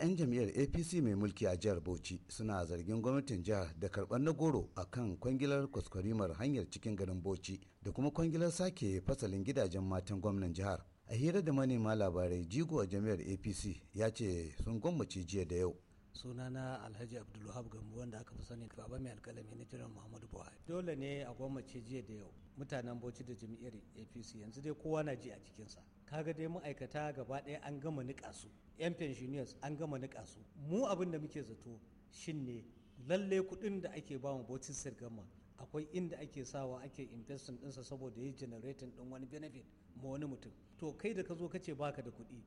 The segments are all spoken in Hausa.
'yan jam'iyyar apc mai mulki a jihar bauchi suna zargin gwamnatin jihar da karɓar na goro a kan kwangilar kwaskwarimar hanyar cikin garin bauchi da kuma kwangilar sake fasalin gidajen matan gwamnan jihar a hira da manema labarai jigo a jami'ar apc ya ce sun gwammace jiya da yau sunana alhaji abdulwahab gambo wanda aka fi sani baba mai alkalami na jiran muhammadu buhari dole ne a gwammace jiya da yau mutanen bauchi da Jami'ar apc yanzu dai kowa na ji a jikinsa kaga dai ma'aikata gaba ɗaya an gama niƙa su yan pensioners an gama niƙa su mu abin da muke zato shin ne lalle kuɗin da ake ba mu bauchi sir gama akwai inda ake sawa ake investin ɗinsa saboda ya generating ɗin wani benefit ma wani mutum to kai da ka zo ka ce baka da kuɗi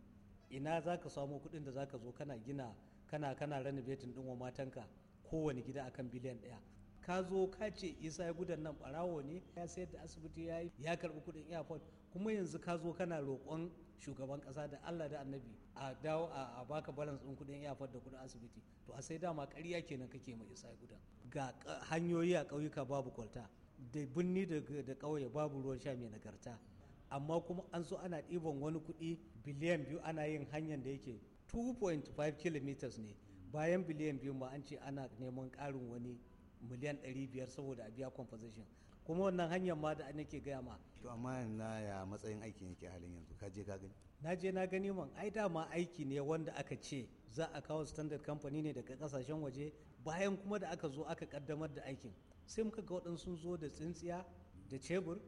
ina za ka samo kuɗin da za ka zo kana gina kana kana betin din wa matanka kowane gida akan biliyan ɗaya ka zo ka ce isa ya gudan nan barawo ne ya sayar da asibiti ya yi ya karbi kudin airport kuma yanzu ka zo kana roƙon shugaban ƙasa da allah da annabi a dawo a baka balance ɗin kudin airport da kudin asibiti to a sai dama ƙarya kenan kake mai isa ya gudan ga hanyoyi a ƙauyuka babu kwalta da binni da ƙauye babu ruwan sha mai nagarta amma kuma an so ana ɗiban wani kuɗi biliyan biyu ana yin hanyar da yake 2.5 kilometers ne bayan biliyan biyu ma an ce ana neman karin wani miliyan 500 saboda a biya composition kuma wannan hanyar ma da nake gaya ma to amma na ya matsayin aikin yake halin yanzu ka je ka gani na je na gani man ai dama aiki ne wanda aka ce za a kawo standard company ne daga kasashen waje bayan kuma da aka zo aka kaddamar da aikin sai muka ga waɗansu zo da tsintsiya da cebur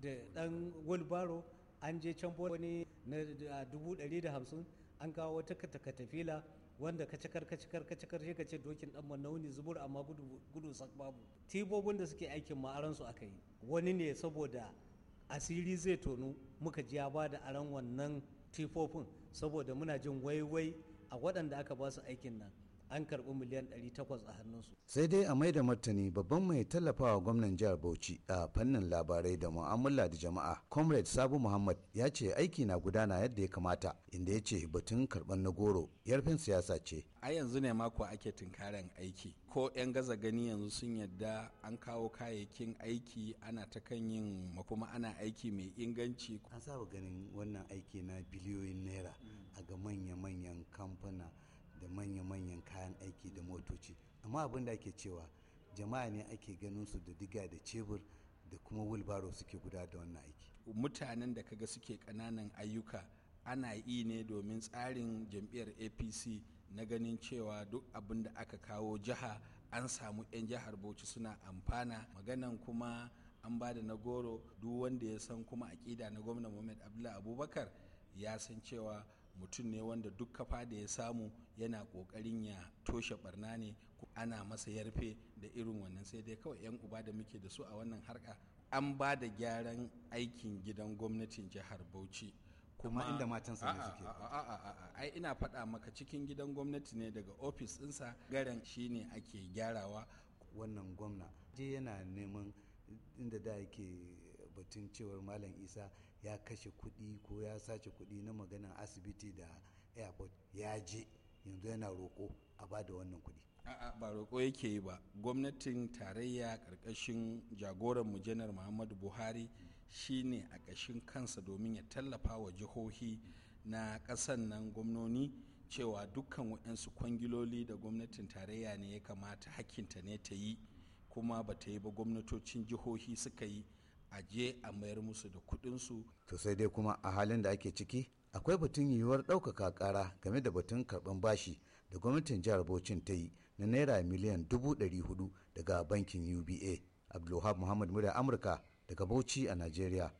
da dan wheelbarrow an je can wani na dubu ɗari da hamsin an kawo wata katafila wanda ka cikar ka cikar ka cikar shi ka ce dokin dan nauni zubur amma gudu sak babu tibobin da suke aikin ma aran su aka yi wani ne saboda asiri zai tonu muka ji ya ba da aran wannan tifofin saboda muna jin waiwai a waɗanda aka ba su aikin nan an karɓi miliyan 800 a hannunsu. sai dai a mai da martani babban mai tallafawa gwamnan jihar bauchi a fannin labarai da mu'amala da jama'a comrade sabu muhammad ya ce aiki na gudana yadda ya kamata inda ya ce batun karɓar na goro yarfin siyasa ce a yanzu ne mako ake tunkaran aiki ko 'yan gaza gani yanzu sun yadda an kawo kayayyakin aiki ana ta kan yin kuma ana aiki mai inganci an saba ganin wannan aiki na biliyoyin naira mm. manya-manyan kayan aiki da motoci amma abin da ake cewa jama'a ne ake ganin su da diga da cebur da kuma wilbaro suke guda da wannan aiki mutanen da kaga suke kananan ayyuka ana yi ne domin tsarin jam'iyyar apc na ganin cewa duk abin da aka kawo jiha an samu 'yan jihar bauchi suna amfana maganan kuma an ba da na goro duk wanda ya san kuma aƙida na gwamna muhammad abdullahi abubakar ya san cewa mutum ne wanda duk kafa da ya samu yana kokarin ya toshe barna ne ana masa yarfe da irin wannan sai dai kawai yan uba da muke da su a wannan harka an ba da gyaran aikin gidan gwamnatin jihar bauchi kuma inda matan sanda suke ai ina faɗa maka cikin gidan gwamnati ne daga ofis ɗinsa garan shine ake gyarawa wannan gwamna je yana neman inda da yake batun cewar malam isa ya kashe kudi ko ya sace kudi na maganan asibiti da airport ya je yanzu yana roƙo a ba da wannan kudi. a'a ba roko yake yi ba gwamnatin tarayya ƙarƙashin jagoran mu janar muhammadu buhari shine a ƙashin kansa domin ya tallafa wa jihohi na ƙasan nan gwamnoni cewa dukkan waɗansu kwangiloli da gwamnatin tarayya ne ya kamata hakinta ne ta yi kuma ba ta yi ba gwamnatocin jihohi suka yi a je a mayar musu da kuɗinsu. to sai dai kuma a halin da ake ciki akwai batun yiwuwar ɗaukaka ƙara game da batun karɓan bashi da gwamnatin jihar bocin ta yi na naira miliyan dubu ɗari hudu daga bankin uba abdulwahab muhammad murya amurka daga bauchi a nigeria.